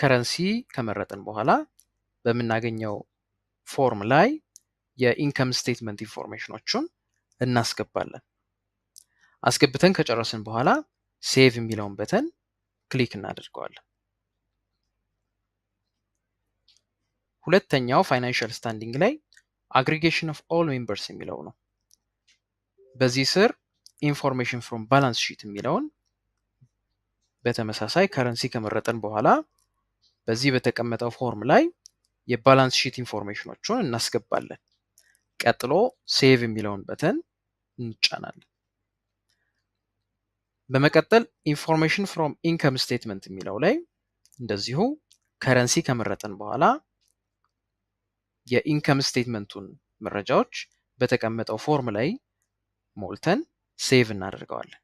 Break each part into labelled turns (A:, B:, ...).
A: ከረንሲ ከመረጥን በኋላ በምናገኘው ፎርም ላይ የኢንከም ስቴትመንት ኢንፎርሜሽኖቹን እናስገባለን። አስገብተን ከጨረስን በኋላ ሴቭ የሚለውን በተን ክሊክ እናደርገዋለን። ሁለተኛው ፋይናንሽል ስታንዲንግ ላይ አግሪጌሽን ኦፍ ኦል ሜምበርስ የሚለው ነው። በዚህ ስር ኢንፎርሜሽን ፍሮም ባላንስ ሺት የሚለውን በተመሳሳይ ከረንሲ ከመረጠን በኋላ በዚህ በተቀመጠው ፎርም ላይ የባላንስ ሺት ኢንፎርሜሽኖቹን እናስገባለን። ቀጥሎ ሴቭ የሚለውን በተን እንጫናለን። በመቀጠል ኢንፎርሜሽን ፍሮም ኢንከም ስቴትመንት የሚለው ላይ እንደዚሁ ከረንሲ ከመረጠን በኋላ የኢንከም ስቴትመንቱን መረጃዎች በተቀመጠው ፎርም ላይ ሞልተን ሴቭ እናደርገዋለን።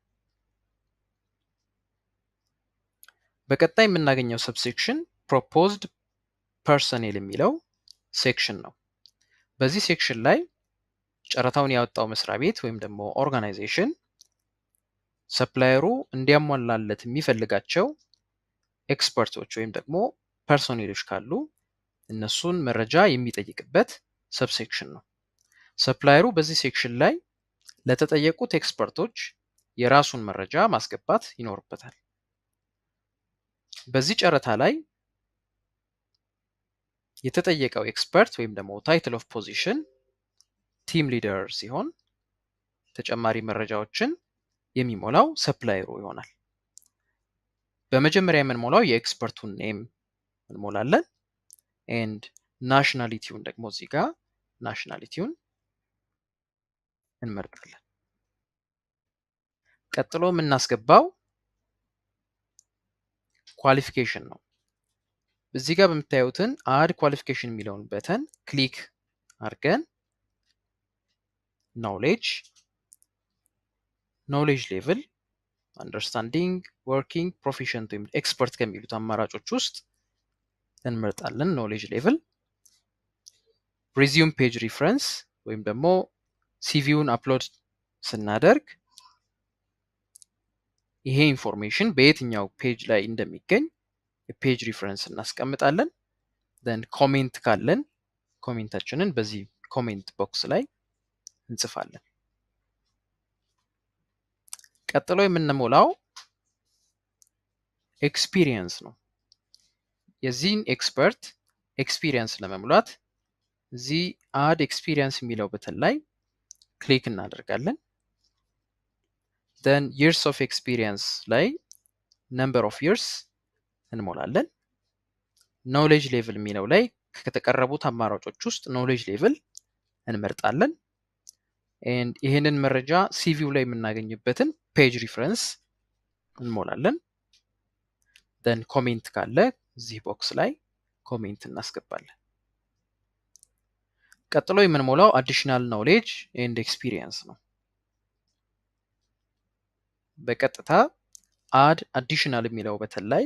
A: በቀጣይ የምናገኘው ሰብሴክሽን ፕሮፖዝድ personnel የሚለው ሴክሽን ነው። በዚህ ሴክሽን ላይ ጨረታውን ያወጣው መስሪያ ቤት ወይም ደግሞ ኦርጋናይዜሽን ሰፕላየሩ እንዲያሟላለት የሚፈልጋቸው ኤክስፐርቶች ወይም ደግሞ ፐርሶኔሎች ካሉ እነሱን መረጃ የሚጠይቅበት ሰብሴክሽን ነው። ሰፕላየሩ በዚህ ሴክሽን ላይ ለተጠየቁት ኤክስፐርቶች የራሱን መረጃ ማስገባት ይኖርበታል። በዚህ ጨረታ ላይ የተጠየቀው ኤክስፐርት ወይም ደግሞ ታይትል ኦፍ ፖዚሽን ቲም ሊደር ሲሆን ተጨማሪ መረጃዎችን የሚሞላው ሰፕላየሩ ይሆናል። በመጀመሪያ የምንሞላው የኤክስፐርቱን ኔም እንሞላለን። ኤንድ ናሽናሊቲውን ደግሞ እዚህ ጋ ናሽናሊቲውን እንመርጣለን። ቀጥሎ የምናስገባው ኳሊፊኬሽን ነው። እዚህ ጋር በምታዩትን አድ ኳሊፊኬሽን የሚለውን በተን ክሊክ አድርገን ኖሌጅ ኖሌጅ ሌቭል አንደርስታንዲንግ ወርኪንግ ፕሮፊሽንት ወይም ኤክስፐርት ከሚሉት አማራጮች ውስጥ እንመርጣለን። ኖሌጅ ሌቭል ሪዚዩም ፔጅ ሪፍረንስ ወይም ደግሞ ሲቪውን አፕሎድ ስናደርግ ይሄ ኢንፎርሜሽን በየትኛው ፔጅ ላይ እንደሚገኝ ፔጅ ሪፈረንስ እናስቀምጣለን። ን ኮሜንት ካለን ኮሜንታችንን በዚህ ኮሜንት ቦክስ ላይ እንጽፋለን። ቀጥሎ የምንሞላው ኤክስፒሪየንስ ነው። የዚህን ኤክስፐርት ኤክስፒሪየንስ ለመሙላት እዚህ አድ ኤክስፒሪየንስ የሚለው በተን ላይ ክሊክ እናደርጋለን። ን ይርስ ኦፍ ኤክስፒሪየንስ ላይ ነምበር ኦፍ የርስ እንሞላለን። ኖሌጅ ሌቭል የሚለው ላይ ከተቀረቡት አማራጮች ውስጥ ኖሌጅ ሌቭል እንመርጣለን። ይህንን መረጃ ሲቪው ላይ የምናገኝበትን ፔጅ ሪፍረንስ እንሞላለን። ደን ኮሜንት ካለ እዚህ ቦክስ ላይ ኮሜንት እናስገባለን። ቀጥሎ የምንሞላው አዲሽናል ኖሌጅ ኤንድ ኤክስፒሪየንስ ነው። በቀጥታ አድ አዲሽናል የሚለው በተን ላይ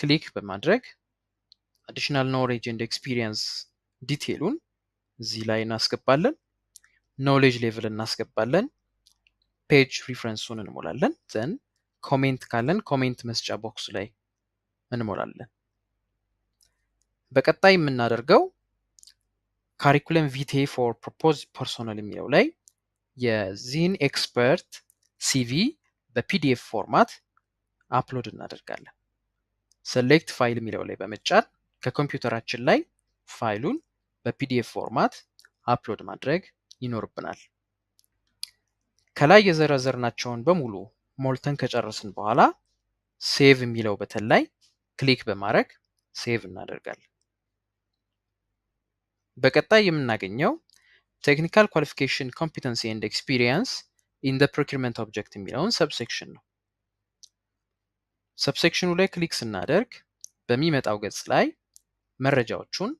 A: ክሊክ በማድረግ አዲሽናል ኖሌጅ ኤንድ ኤክስፒሪየንስ ዲቴሉን እዚህ ላይ እናስገባለን። ኖሌጅ ሌቭል እናስገባለን። ፔጅ ሪፍረንሱን እንሞላለን። ዘን ኮሜንት ካለን ኮሜንት መስጫ ቦክስ ላይ እንሞላለን። በቀጣይ የምናደርገው ካሪኩለም ቪቴ ፎር ፕሮፖዝ ፐርሶናል የሚለው ላይ የዚህን ኤክስፐርት ሲቪ በፒዲኤፍ ፎርማት አፕሎድ እናደርጋለን። ሴሌክት ፋይል የሚለው ላይ በመጫን ከኮምፒውተራችን ላይ ፋይሉን በፒዲኤፍ ፎርማት አፕሎድ ማድረግ ይኖርብናል። ከላይ የዘረዘርናቸውን በሙሉ ሞልተን ከጨረስን በኋላ ሴቭ የሚለው በተን ላይ ክሊክ በማድረግ ሴቭ እናደርጋለን። በቀጣይ የምናገኘው ቴክኒካል ኳሊፊኬሽን ኮምፒተንሲ ኤንድ ኤክስፒሪየንስ ኢን ፕሮኪርመንት ኦብጀክት የሚለውን ሰብሴክሽን ነው። ሰብሴክሽኑ ላይ ክሊክ ስናደርግ በሚመጣው ገጽ ላይ መረጃዎቹን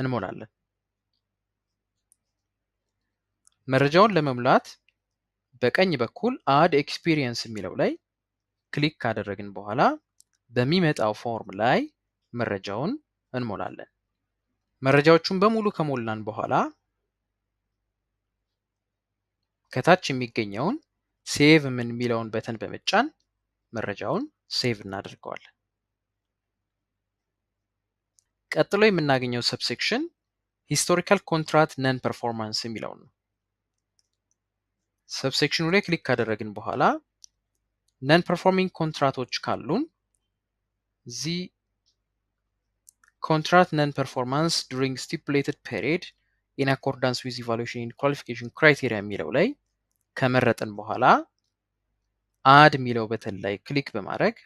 A: እንሞላለን። መረጃውን ለመሙላት በቀኝ በኩል አድ ኤክስፒሪየንስ የሚለው ላይ ክሊክ ካደረግን በኋላ በሚመጣው ፎርም ላይ መረጃውን እንሞላለን። መረጃዎቹን በሙሉ ከሞላን በኋላ ከታች የሚገኘውን ሴቭ የሚለውን በተን በመጫን መረጃውን ሴቭ እናደርገዋለን። ቀጥሎ የምናገኘው ሰብሴክሽን ሂስቶሪካል ኮንትራት ነን ፐርፎርማንስ የሚለው ነው። ሰብሴክሽኑ ላይ ክሊክ ካደረግን በኋላ ነን ፐርፎርሚንግ ኮንትራቶች ካሉን እዚህ ኮንትራት ነን ፐርፎርማንስ ዱሪንግ ስቲፕሌትድ ፔሪድ ኢን አኮርዳንስ ዊዝ ኢቫሉዌሽን ኢን ኳሊፊኬሽን ክራይቴሪያ የሚለው ላይ ከመረጥን በኋላ አድ የሚለው በተን ላይ ክሊክ በማድረግ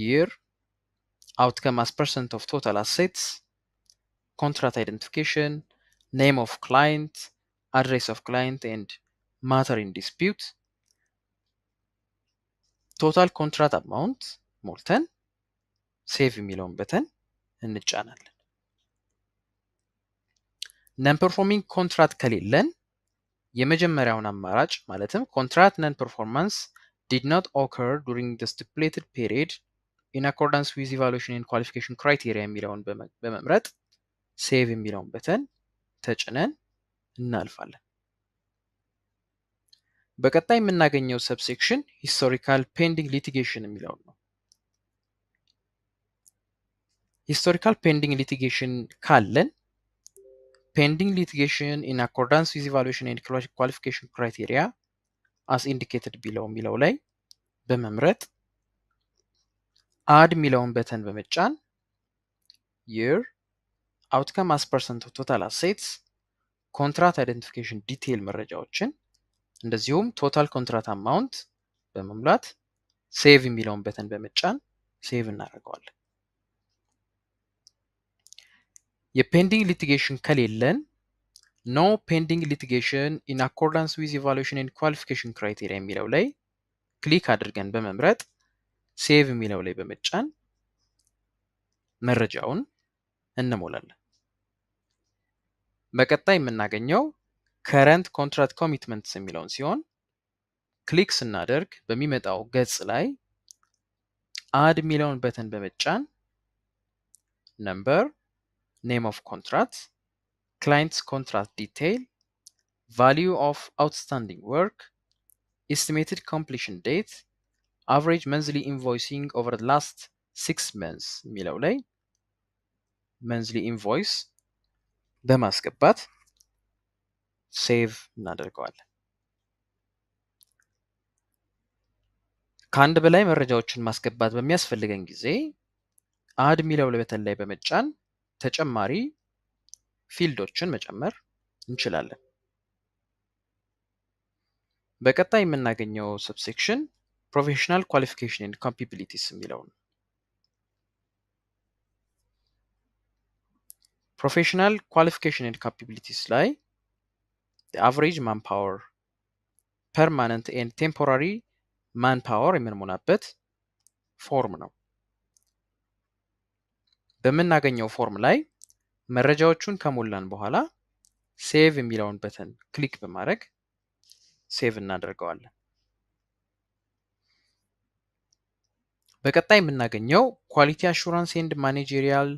A: ይር አውትከም አስ ፐርሰንት ኦፍ ቶታል አሴትስ ኮንትራት አይደንቲፊኬሽን ኔም ኦፍ ክላይንት አድሬስ ኦፍ ክላይንት ኤንድ ማተር ኢን ዲስፒዩት ቶታል ኮንትራት አማውንት ሞልተን ሴቭ የሚለውን በተን እንጫናለን። ነን ፐርፎርሚንግ ኮንትራት ከሌለን የመጀመሪያውን አማራጭ ማለትም ኮንትራት ነን ፐርፎርማንስ ዲድ ኖት ኦከር ዱሪንግ ደ ስቲፕሌትድ ፔሪድ ኢን አኮርዳንስ ዊዝ ኢቫሉሽን ን ኳሊፊኬሽን ክራይቴሪያ የሚለውን በመምረጥ ሴቭ የሚለውን በተን ተጭነን እናልፋለን። በቀጣይ የምናገኘው ሰብሴክሽን ሂስቶሪካል ፔንዲንግ ሊቲጌሽን የሚለውን ነው። ሂስቶሪካል ፔንዲንግ ሊቲጌሽን ካለን pending litigation in accordance with evaluation and qualification criteria as indicated below የሚለው ላይ በመምረጥ አድ የሚለውን በተን በመጫን year outcome as percent of total assets ኮንትራት አይደንቲፊኬሽን ዲቴይል መረጃዎችን እንደዚሁም ቶታል ኮንትራት አማውንት በመሙላት ሴቭ የሚለውን በተን በመጫን ሴቭ እናደርገዋለን። የፔንዲንግ ሊቲጌሽን ከሌለን ኖ ፔንዲንግ ሊቲጌሽን ኢን አኮርዳንስ ዊዝ ኢቫሉዌሽን ኤንድ ኳሊፊኬሽን ክራይቴሪያ የሚለው ላይ ክሊክ አድርገን በመምረጥ ሴቭ የሚለው ላይ በመጫን መረጃውን እንሞላለን። በቀጣይ የምናገኘው ከረንት ኮንትራክት ኮሚትመንትስ የሚለውን ሲሆን ክሊክ ስናደርግ በሚመጣው ገጽ ላይ አድ የሚለውን በተን በመጫን ነምበር name of contract, client's contract detail, value of outstanding work, estimated completion date, average monthly invoicing over the last ሲክስ መንስ የሚለው ላይ መንዝሊ but save another እናደርገዋለን። ከአንድ በላይ መረጃዎችን ማስገባት በሚያስፈልገን ጊዜ አድ የሚለው ላይ በተለይ በመጫን ተጨማሪ ፊልዶችን መጨመር እንችላለን። በቀጣይ የምናገኘው ሰብሴክሽን ፕሮፌሽናል ኳሊፊኬሽን ኤንድ ካፓቢሊቲስ የሚለው ነው። ፕሮፌሽናል ኳሊፊኬሽን ኤንድ ካፓቢሊቲስ ላይ አቨሬጅ ማንፓወር ፐርማነንት ኤንድ ቴምፖራሪ ማንፓወር የምንሞላበት ፎርም ነው። በምናገኘው ፎርም ላይ መረጃዎቹን ከሞላን በኋላ ሴቭ የሚለውን በተን ክሊክ በማድረግ ሴቭ እናደርገዋለን። በቀጣይ የምናገኘው ኳሊቲ አሹራንስ ንድ ማኔጀሪያል